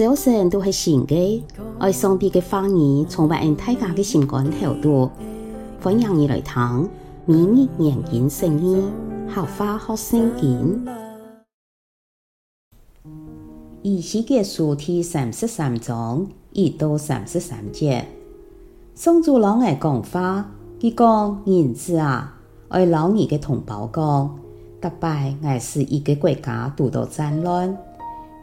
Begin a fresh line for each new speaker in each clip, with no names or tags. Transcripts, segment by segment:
每早晨都是新個，愛上帝嘅話語，充滿大家嘅心肝頭度，歡迎你來聽，明日認真聲音，合法好聲音。以西結書三十三章，一到三十三節。宋祖老愛講法，佢講人子啊，愛老二嘅同胞講，打拜愛是一個國家獨到戰亂。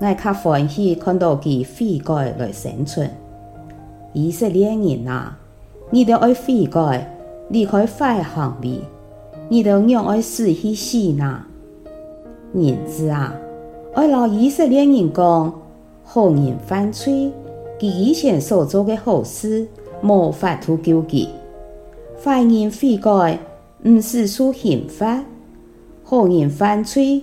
愛較歡喜看到佢悔改來生存。以色列人啊，你哋愛悔改離開壞行為，你哋用愛死去死呐！人子啊，愛讓以色列人講：好人犯罪，佢以前所做的好事無法度救佢；壞人悔改唔使受刑罰，好、嗯、人犯罪。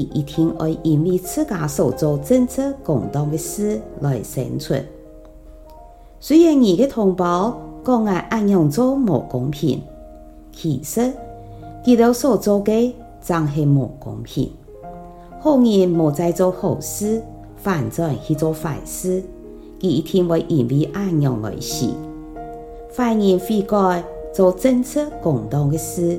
一定會因為自家所做正直公道的事來生存。雖然你的同胞講俺按樣做無公平，其實，佢哋所做嘅真係無公平。好人無再做好事，反正去做壞事。佢一定會因為按樣來死。壞人非該做正直公道嘅事。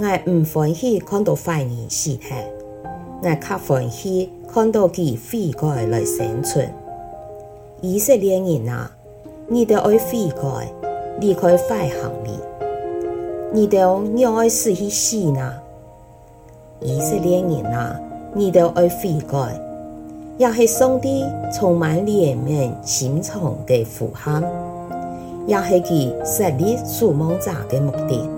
我唔歡喜看到壞人死客，我較歡喜看到佢飛過來生存。以色列人啊，你哋愛飛過，離開壞行業，你哋要愛失去死啦。以色列人啊，你哋愛飛過，也是上帝充滿憐憫隱藏嘅呼喊，也是佢設立築夢者的目的。